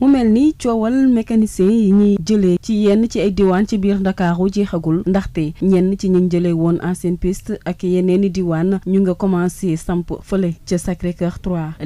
mu mel ni coowal mécanicien yi ñuy jëlee ci yenn ci ay diwaan ci biir ndakaaru jeexagul ndaxte ñenn ci ñu jëlee woon ancienne piste ak yeneeni diwaan ñu nga commencé samp fële ca Sacré Cœur 3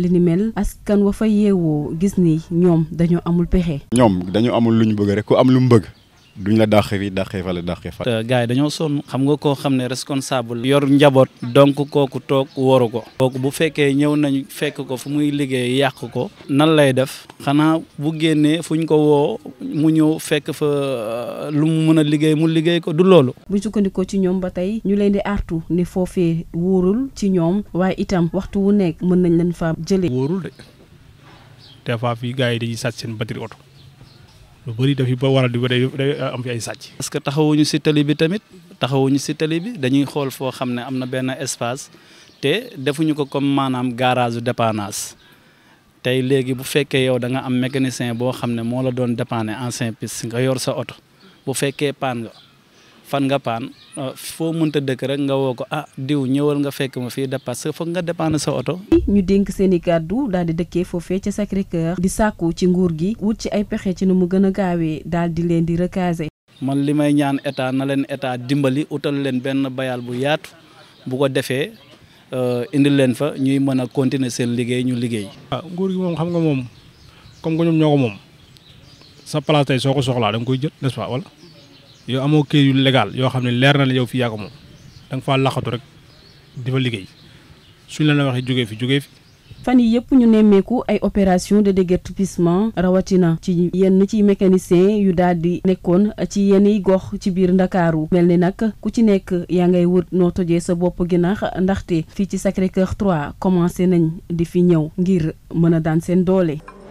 askan wa fa yeewoo gis ni ñoom dañoo amul pexe. ñoom dañoo amul lu ñu bëgg ku am lu mu bëgg. duñ la dàqee fii dàqee fa la dàqee fa. gars yi dañoo sonn xam nga koo xam ne responsable yor njaboot donc kooku toog waru ko. kooku bu fekkee ñëw nañ fekk ko fu muy liggéey yàq ko. nan lay def xanaa bu génnee fuñ ko woo mu ñëw fekk fa euh, lu mu mën a liggéey mu liggéey ko du loolu. bu sukkandikoo ci ñoom ba tey ñu leen di artu ne foofee wóorul ci ñoom waaye itam waxtu wu nekk mën nañ leen fa jëlee. wóorul de des fois fii gars yi dañuy sàcc seen batterie oto. lu bëri dafi ba waral di ba day uh, am fi ay sàcc. parce que taxawuñu si tali bi tamit taxawuñu si tali bi dañuy xool foo xam ne am na benn espace te defuñu ko comme maanaam garage dépannage tey léegi bu fekkee yow da nga am mécanicien boo xam ne moo la doon dépanner ancien piste nga yor sa oto bu fekkee paan nga. fan nga paan euh, foo mënta dëkk rek nga woo ko ah diw ñëwal nga fekk ma fii da parce que foog nga dépendre sa oto. ñu dénk seen i kàddu daal di dëkkee foofee ca Sacré Cœur di sàkku ci nguur gi wut ci ay pexe ci nu mu gën a gaawee daal di leen di recaser. man li may ñaan état na leen état dimbali utal leen benn bayal bu yaatu bu ko defee euh, indil leen fa ñuy mën a continuer seen liggéey ñu liggéey. waaw ah, nguur gi moom xam nga moom comme que ñoom ñoo ko moom sa place tey soo ko soxlaa da koy jël nest yow amoo kayit yu légal yoo xam ne leer na la yow fii yaa ko moom da nga faa laxatu rek di fa liggéey su la la waxee jóge fi jóge fi. fan yi yëpp ñu nemmeeku ay opération de déguerpissement rawatina ci yenn ci mécanicien yu daldi di nekkoon ci yenn yi gox ci biir ndakaaru mel ni nag ku ci nekk yaa ngay wut noo toje sa bopp ginaax ndaxte fii ci Sacré Cœur 3 commencé nañ di fi ñëw ngir mën a daan seen doole.